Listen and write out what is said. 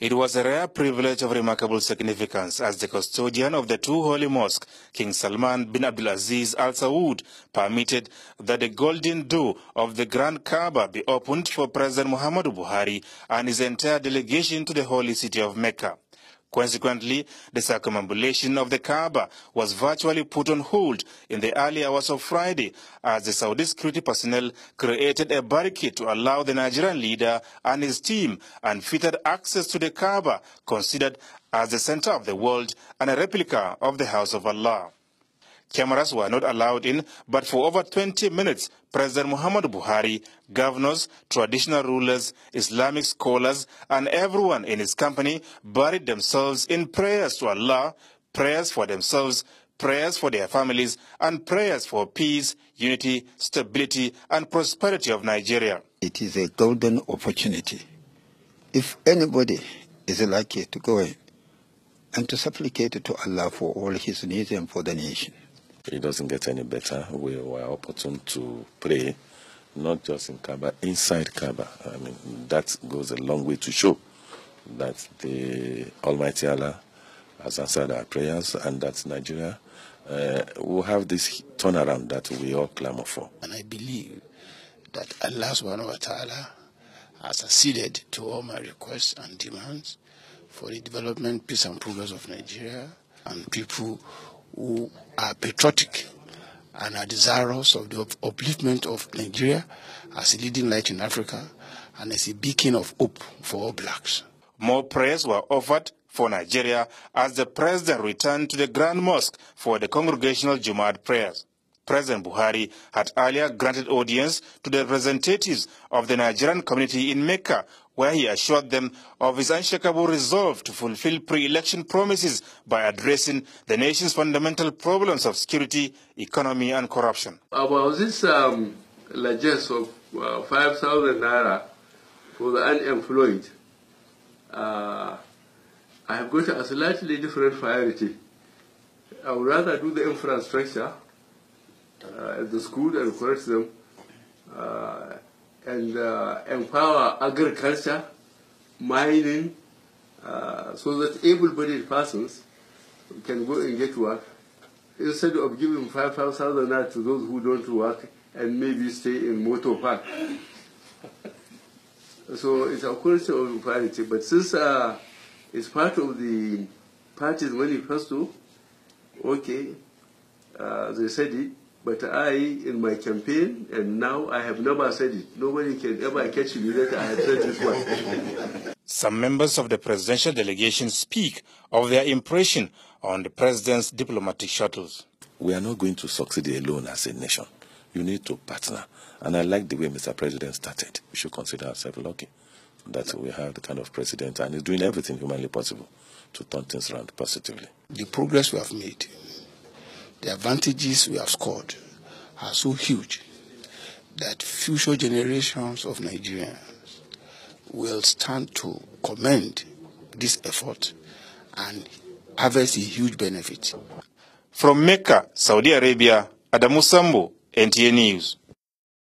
It was a rare privilege of remarkable significance as the custodian of the two holy mosques, King Salman bin Abdulaziz Al Saud, permitted that the golden door of the Grand Kaaba be opened for President Muhammadu Buhari and his entire delegation to the holy city of Mecca. Consequently, the circumambulation of the Kaaba was virtually put on hold in the early hours of Friday as the Saudi security personnel created a barricade to allow the Nigerian leader and his team and fitted access to the Kaaba, considered as the center of the world and a replica of the House of Allah. Cameras were not allowed in, but for over 20 minutes, President Muhammad Buhari, governors, traditional rulers, Islamic scholars, and everyone in his company buried themselves in prayers to Allah, prayers for themselves, prayers for their families, and prayers for peace, unity, stability, and prosperity of Nigeria. It is a golden opportunity. If anybody is lucky to go in and to supplicate to Allah for all his needs and for the nation. It doesn't get any better. We were opportune to pray, not just in Kaba, inside Kaba. I mean, that goes a long way to show that the Almighty Allah has answered our prayers and that Nigeria uh, will have this turnaround that we all clamor for. And I believe that Allah subhanahu wa ta'ala has acceded to all my requests and demands for the development, peace and progress of Nigeria and people who are patriotic and are desirous of the upliftment of Nigeria as a leading light in Africa and as a beacon of hope for all blacks. More prayers were offered for Nigeria as the president returned to the Grand Mosque for the congregational Jumad prayers. President Buhari had earlier granted audience to the representatives of the Nigerian community in Mecca, where he assured them of his unshakable resolve to fulfill pre-election promises by addressing the nation's fundamental problems of security, economy, and corruption. About this um, largesse of uh, 5,000 naira for the unemployed, uh, I have got a slightly different priority. I would rather do the infrastructure uh, the school and curriculum uh, and uh, empower agriculture, mining, uh, so that able-bodied persons can go and get work instead of giving 5,000 naira to those who don't work and maybe stay in motor park. so it's a question of equality. But since uh, it's part of the party's manifesto, okay, uh, they said it, but I, in my campaign, and now I have never said it. Nobody can ever catch me that I have said this one. Some members of the presidential delegation speak of their impression on the president's diplomatic shuttles. We are not going to succeed alone as a nation. You need to partner. And I like the way Mr. President started. We should consider ourselves lucky that we have the kind of president and is doing everything humanly possible to turn things around positively. The progress we have made the advantages we have scored are so huge that future generations of Nigerians will stand to commend this effort and harvest a huge benefit. From Mecca, Saudi Arabia, Adamu Sambo, NTA News.